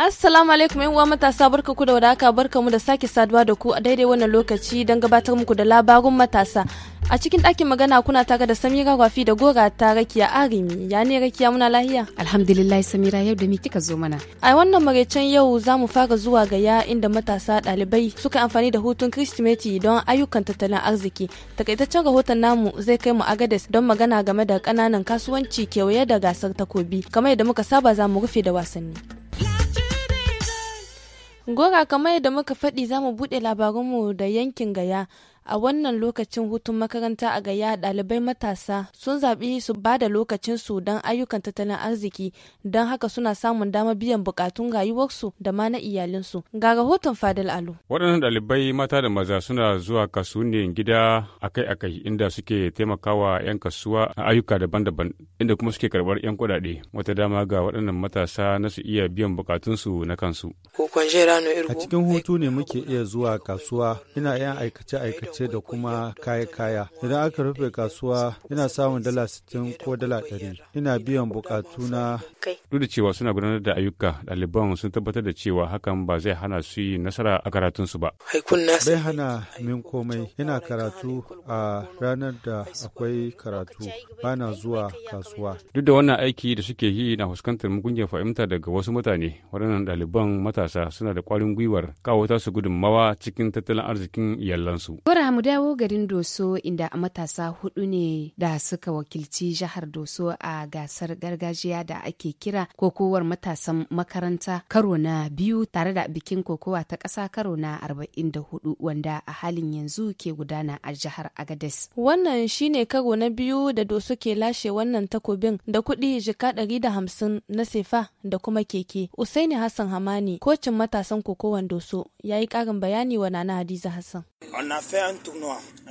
Assalamu alaikum yan uwa matasa barka ku da wadaka barka mu da sake saduwa da ku a daidai wannan lokaci don gabatar muku da labarun matasa. A cikin ɗakin magana kuna tare da Samira Gwafi da Gora ta Rakiya Arimi. Ya ne Rakiya muna lahiya? Alhamdulillah Samira yau da mi kika zo mana? A wannan maraicen yau za mu fara zuwa ga ya inda matasa ɗalibai suka amfani da hutun Kirsimeti don ayyukan tattalin arziki. Takaitaccen rahoton namu zai kai mu Agades don magana game da ƙananan kasuwanci kewaye da gasar takobi. Kamar yadda muka saba za mu rufe da wasanni. Gora kamar yadda muka faɗi za mu buɗe labarunmu da yankin gaya A wannan lokacin hutun makaranta a gaya ɗalibai matasa sun zaɓi su ba da lokacin su don ayyukan tattalin arziki don haka suna samun damar biyan bukatun rayuwarsu da ma na iyalinsu. Ga rahoton Fadal Alu. Waɗannan ɗalibai mata da maza suna zuwa kasuwannin gida akai-akai inda suke taimakawa 'yan kasuwa a ayyuka daban-daban inda kuma suke karɓar 'yan kuɗaɗe wata dama ga waɗannan matasa na su iya biyan buƙatunsu na kansu. A cikin hutu ne muke iya zuwa kasuwa ina 'yan aikace-aikace ce da kuma kaya kaya idan aka rufe kasuwa ina samun dala sittin ko dala ɗari ina biyan bukatu na duk da cewa suna gudanar da ayyuka ɗaliban sun tabbatar da cewa hakan ba zai hana su yi nasara a karatunsu ba bai hana min komai ina karatu a ranar da akwai karatu bana zuwa kasuwa duk da wannan aiki da suke yi na fuskantar mugunyar fahimta daga wasu mutane waɗannan ɗaliban matasa suna da ƙwarin gwiwar kawo tasu gudunmawa cikin tattalin arzikin iyalansu. Bora mu dawo garin Doso inda matasa hudu ne da suka wakilci jihar Doso a gasar gargajiya da ake kira kokowar matasan makaranta karo na biyu tare da bikin kokowa ta ƙasa karo na 44 wanda a halin yanzu ke gudana a jihar Agades. Wannan shine karo na biyu da Doso ke lashe wannan takobin da kuɗi jika 150 na sefa da kuma keke. Usaini Hassan Hamani kocin matasan kokowar Doso ya yi ƙarin bayani wa Nana Hadiza Hassan.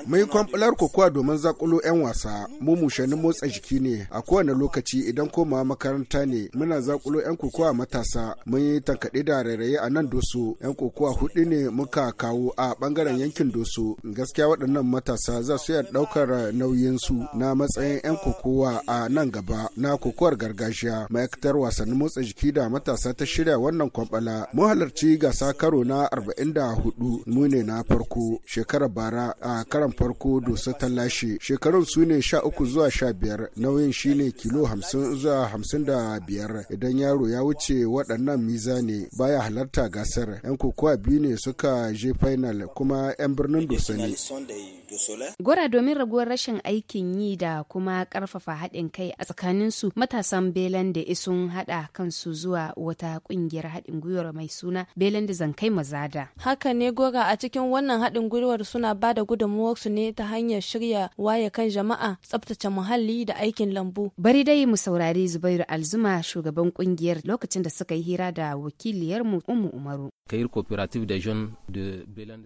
Mun yi kwamfular kokowa domin zakulo 'yan wasa, mu mushanin motsa jiki ne a kowane lokaci idan koma makaranta ne muna zakulo 'yan kokowa matasa mun yi tankaɗe da rairaye a nan doso 'yan kokowa hudu ne muka kawo a bangaren yankin doso gaskiya waɗannan matasa za su iya ɗaukar nauyinsu na matsayin 'yan kokowa a nan gaba na kokowar gargajiya ma'aikatar wasannin motsa jiki da matasa ta shirya wannan kwamfala mun halarci gasa karo na 44 mu ne na farko shekarar baya. bara a karan farko dosa ta lashe shekarun su ne sha uku zuwa sha biyar nauyin ne kilo hamsin zuwa hamsin da biyar idan yaro ya wuce waɗannan miza ne baya halarta gasar yan kokowa biyu ne suka je final kuma yan birnin dosa ne Gwara domin raguwar rashin aikin yi da kuma karfafa haɗin kai a tsakanin su matasan belan da isun haɗa kansu zuwa wata ƙungiyar haɗin gwiwar mai suna belan da Zankai Mazada. Haka ne gora a cikin wannan haɗin gwiwar suna ba da su ne ta hanyar shirya waye kan jama'a tsabtace muhalli da aikin lambu. Bari dai mu saurari Zubairu Alzuma shugaban ƙungiyar lokacin da suka yi hira da wakiliyarmu Umu Umaru.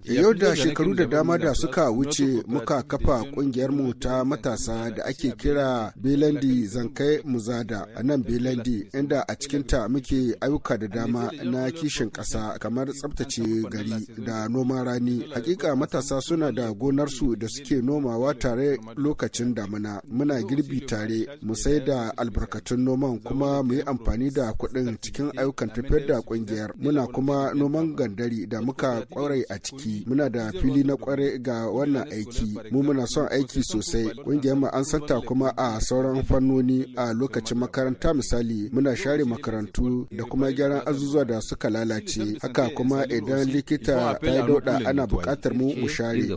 Yau da shekaru da dama da suka wuce muka kafa ƙungiyarmu ta matasa da ake kira Belandi Zankai Muzada a nan Belandi inda a cikinta muke ayyuka da dama na kishin ƙasa kamar tsabtace gari da noma rani. Hakika matasa suna da gonarsu da suke nomawa tare lokacin damuna. Muna girbi tare, mu sai da albarkatun noman kuma mu yi amfani da kuɗin cikin ayyukan tafiyar da ƙungiyar. Muna kuma noman gandari da muka kwarai a ciki. Muna da fili na kwarai ga wannan aiki. aiki mu muna son aiki sosai ƙungiyar mu an santa kuma a sauran fannoni a lokacin makaranta misali muna share makarantu da kuma gyaran azuzuwa da suka lalace haka kuma idan likita ta dauda ana bukatar mu mu share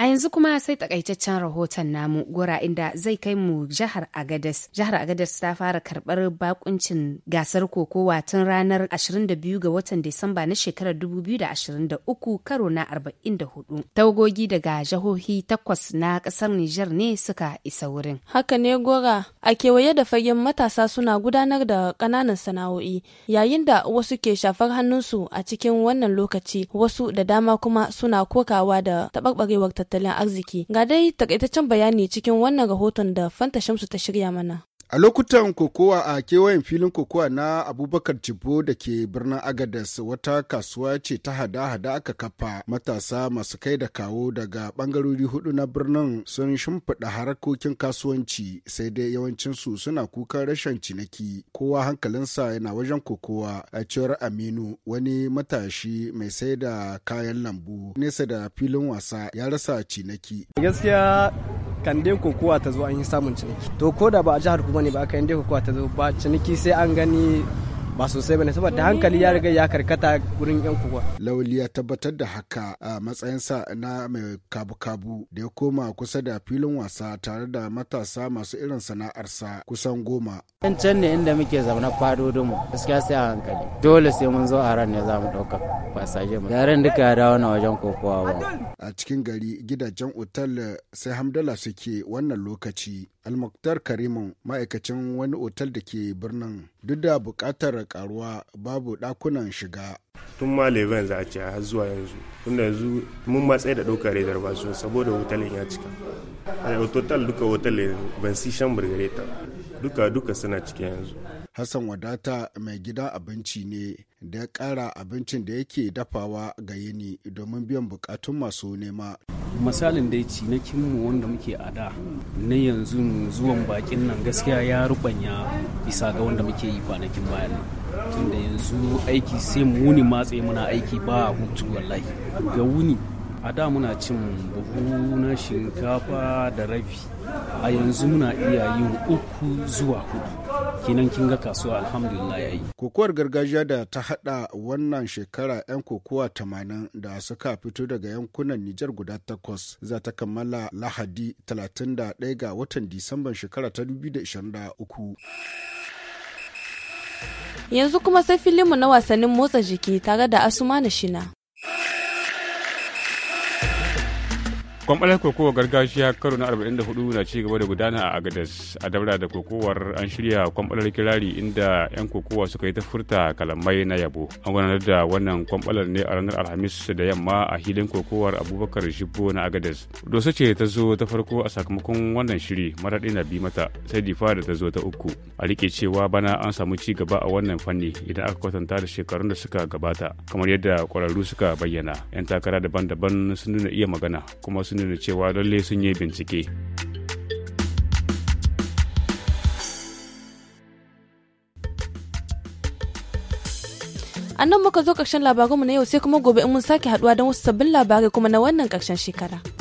A yanzu kuma sai takaitaccen rahoton namu gora inda zai kai mu jihar Agadez. Jihar Agadez ta fara karbar bakuncin gasar kokowa tun ranar 22 ga watan Disamba na shekarar 2023 karo na 44. Tawagogi daga jihohi takwas na kasar Nijar ne suka isa wurin. Haka ne gora a kewaye da fagen matasa suna gudanar da ƙananan sana'o'i yayin da wasu ke shafar hannunsu a cikin wannan lokaci wasu da dama kuma suna kokawa da taɓarɓarewar tattalin arziki. Ga dai takaitaccen bayani cikin wannan rahoton da Fanta Shamsu ta shirya mana. A lokutan kokowa a kewayen filin kokowa na Abubakar cibo da ke birnin Agadas wata kasuwa ce ta hada-hada aka kafa matasa masu kai da kawo daga bangarori hudu na birnin sun shimfiɗa harkokin kasuwanci sai dai yawancinsu suna kukan rashin ciniki kowa hankalinsa yana wajen kokowa a cewar Aminu wani matashi mai sai da kayan lambu nesa da filin wasa ya rasa ciniki. Gaskiya kande kokowa ta zo an yi samun ciniki. To ko da ba a jihar bane ba aka yi kokowa ta zo ba ciniki sai an gani ba sosai bane saboda hankali ya riga ya karkata gurin yan kuwa lauli ya tabbatar da haka a matsayinsa na mai kabu-kabu da ya koma kusa da filin wasa tare da matasa masu irin sana'arsa kusan goma yan can ne inda muke zaune fadodin mu gaskiya sai a hankali dole sai mun zo a ran ne za mu dauka fasaje mu yaren duka ya dawo na wajen kokowa ba a cikin gari gidajen otal sai hamdala suke wannan lokaci almaktar karimun ma'aikacin wani otal da ke birnin duk da bukatar fara karuwa babu dakunan shiga. Tun ma Leven za a ce har zuwa yanzu. Tunda yanzu mun matsayi da ɗaukar su saboda hotelin ya cika. A total duka hotelin ban si shan burgareta. Duka duka suna cike yanzu. Hassan wadata mai gida abinci ne da ya kara abincin da yake dafawa ga yini domin biyan bukatun masu nema. misalin da ya ci na kinmu wanda muke a da na yanzu zuwan bakin nan gaskiya ya rubanya bisa ga wanda muke yi kwanakin bayan nan tunda yanzu aiki sai muni wuni matse muna aiki ba hutu wallahi ga wuni a da muna cin buhu na shinkafa da rabi a yanzu muna iya yin uku zuwa hudu kinan kin ga kasuwa alhamdulillah yayi kokowar gargajiya da ta hada wannan shekara yan kokowa 80 da suka fito daga yankunan Nijar guda takwas za ta kammala Lahadi 31 ga watan Disamban shekara ta 2023 Yanzu kuma sai filinmu na wasannin motsa jiki tare da Asuma na Shina. kwamɓalar kokowa gargajiya karo na 44 na cigaba da gudana a agadas a daura da kokowar an shirya kwamɓalar kirari inda 'yan kokowa suka yi ta furta kalamai na yabo an gudanar da wannan kwamɓalar ne a ranar alhamis da yamma a hilin kokowar abubakar shibbo na agadas dosa ce ta zo ta farko a sakamakon wannan shiri maraɗi na bi mata sai difa da ta zo ta uku a rike cewa bana an samu ci gaba a wannan fanni idan aka kwatanta da shekarun da suka gabata kamar yadda ƙwararru suka bayyana 'yan takara daban-daban sun nuna iya magana kuma sun nuna cewa lalle sun yi bincike. a nan muka zo ƙarshen labarinmu na yau sai kuma gobe in mun sake haɗuwa don wasu sabbin labarai kuma na wannan ƙarshen shekara.